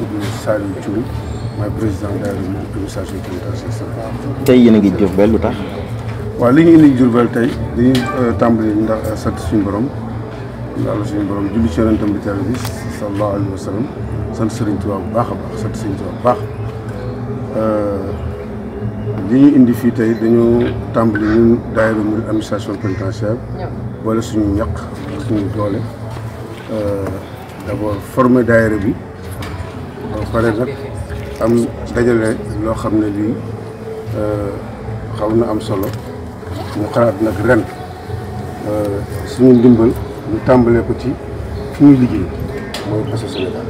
tudd Saliou Thioune président daayira moom administration pénitentiaire tey yéen a ngi Diourbel lu tax. waa li ñu indi Diourbel tey dañuy euh, tàmbali ndax euh, sant suñu borom yàlla suñu borom julli ci yonentam bi teel bi sallallahu alayhi wa sallam bu baax a baax sant Serigne baax euh, li ñu indi fii tey dañu tàmbali ñun daayira mu administration pénitentiaire boole suñu ñaq suñu doole d'abord former daayira bi. pare nag am dajale loo xam ne lii euh, xaw na am solo ñu xalaat nag ren euh, suñu ndimbal ñu tàmbalee ko ci fi ñuy liggéey mooy Poste Sénégal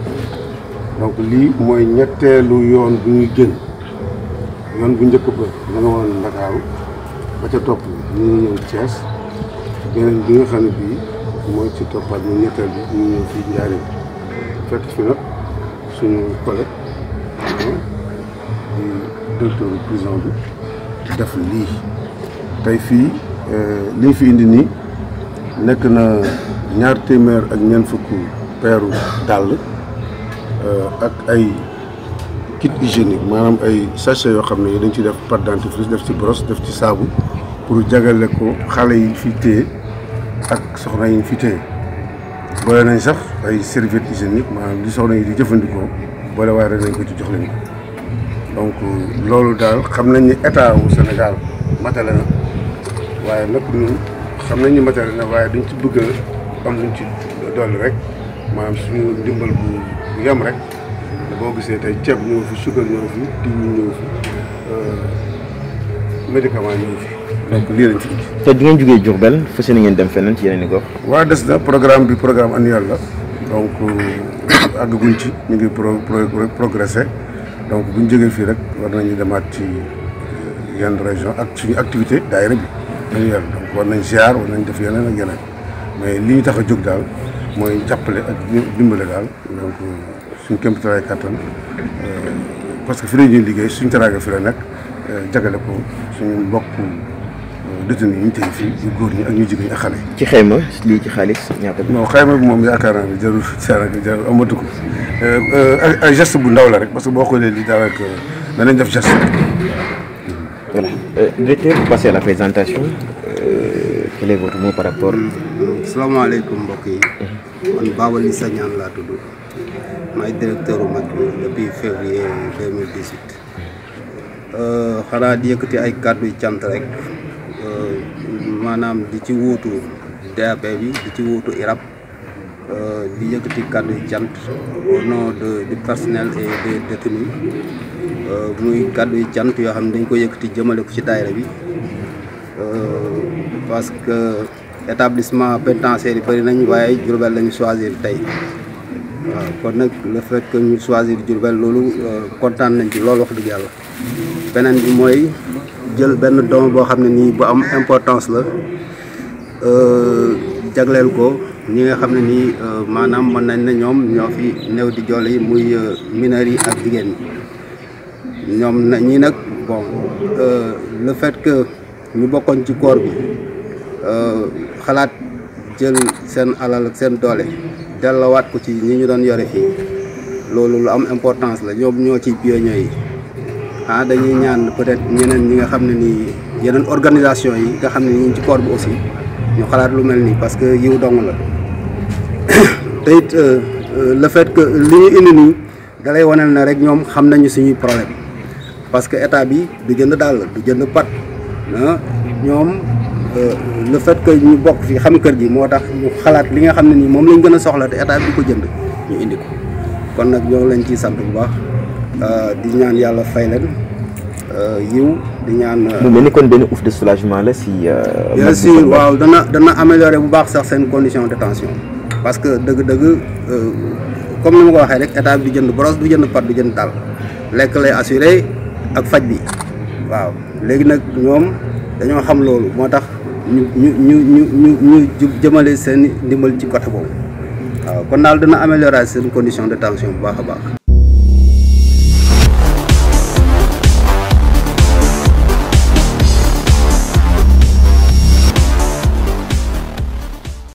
donc lii mooy ñetteelu yoon bu ñuy génn yoon bu njëkk ba ñu nga woon Ndakaaru ba ca topp ñu ñëw Thiès beneen bi nga xam bii mooy ci toppaat ñu ñetteel bi ñu ñëw fii Njaaréem fekk fi nag suñu collègue di directeur hein, prison bi def lii tey fii euh, liñ fi indi nii nekk na ñaar ak kit hygiénique manam ay sachet yo xamné dañ ci def pâte dentifrice def ci brosse def ci pour jagalé ko xalé yi fi téye ak soxna yi fi boole nañ sax ay serviettes hygiéniques maanaam li soxna yi di jëfandikoo boole waaye rek nañ ko ci jox leen ko donc loolu daal xam nañ ni état wu Sénégal matale na waaye nag ñun xam nañ ni matale na waaye dañ ci bëgg a am luñ ci dolli rek maanaam suñu ndimbal bu bu yem rek boo gisee tey ceeb ñëw fi suukar ñëw fi diw ñëw fi euh, médicament ñëw fi. donc lii lañ ci te di ngeen jógee Diourbel fas yéene ngeen dem feneen ci yeneen ni ko waa des na programme bi programme annuel la donc euh, àggaguñ ci ñu ngi pro progressé donc bu ñu jógee fii rek war nañu demaat ci euh, yenn région ak suñu activité daayira bi annuel donc war nañ ziar war nañ def yeneen ak yeneen mais li ñu tax a jóg daal mooy jàppale ak dimbale daal donc euh, suñ kéem tolluwaay kattan parce que fi la ñuy liggéey suñ teraanga fi la nekk jagale ko suñu mbokk. détenu yi ñu tey fii ñu góor ñi ak ñu jigéen ñi ak xale yi. ci xayma lii ci xaalis ñaata. non xayma bi moom yaakaar naa ne jarul Sénégal jarul amatu ko euh, euh, ay geste bu ndaw la rek parce que boo xoolee li daanaka euh, danañ def geste. voilà directeur bu la présentation quel est votre par rapport. Mm-hmm. salaamaaleykum mbokk yi. Mm-hmm. man Baba Lissa Niane laa tudd. maay directeur bu mag depuis février mm-hmm. xanaa di yëkkati ay kàddu yu cant rek. Euh, maanaam di ci wuutu DAB bi di ci wuutu IRAP euh, di yëkkati kàddu cant au nom de personnel et des détenus euh, muy kàddu yi cant yoo xam ne dañ ko yëkkati jëmale ko ci daayira bi parce que établissement pénitentiaire yi bëri nañ waaye Diourbel lañu choisir tey waaw kon nag le fait que ñu choisir Diourbel loolu kontaan nañ ci loolu wax dëgg yàlla beneen bi mooy jël benn doom boo xam ne nii bu am importance la euh, jagleel ko ñi nga xam ne nii euh, maanaam mën nañ ne ñoom ñoo fi néew di joole yi muy euh, mineur yi ak jigéen ñi ñoom na ñi nag bon le fait que ñu bokkoon ci koor bi xalaat jël seen alal ak seen doole dellowaat ko ci ñi ñu doon yore fii loolu lu am importance la ñoom ñoo ci pionniers yi ah dañuy ñaan peut-être ñeneen ñi nga xam ne nii yeneen organisation yi nga xam ne ñu ci corps bi aussi ñu xalaat lu mel parce que yiw dong la te it euh, le fait que li ñu indi nii da lay wanal na rek ñoom xam nañu suñuy problème parce que état bi du jënd dàll du jënd pat ah ñoom euh, le fait que ñu bokk fi xam kër gi moo tax ñu xalaat li nga xam ne nii moom lañ soxla te état bi ko jënd ñu indi ko kon nag ñoo lañ ciy sant bu baax Euh, di ñaan yàlla fay leen euh, yiw di ñaan. Euh, mu mel ni kon benn ouf de soulagement la si. bien sûr waaw dana dana améliorer bu baax sax seen condition de tension parce que dëgg dëgg comme ni ma ko waxee rek état bi du jënd brosse du jënd pat du jënd dal lekk lay assuré ak faj bi waaw léegi nag ñoom dañoo xam loolu moo ñu ñu ñu ñu ñu ñu jëmale seen ci côté boobu waaw kon daal dana améliorer seen condition de tension bu baax baax.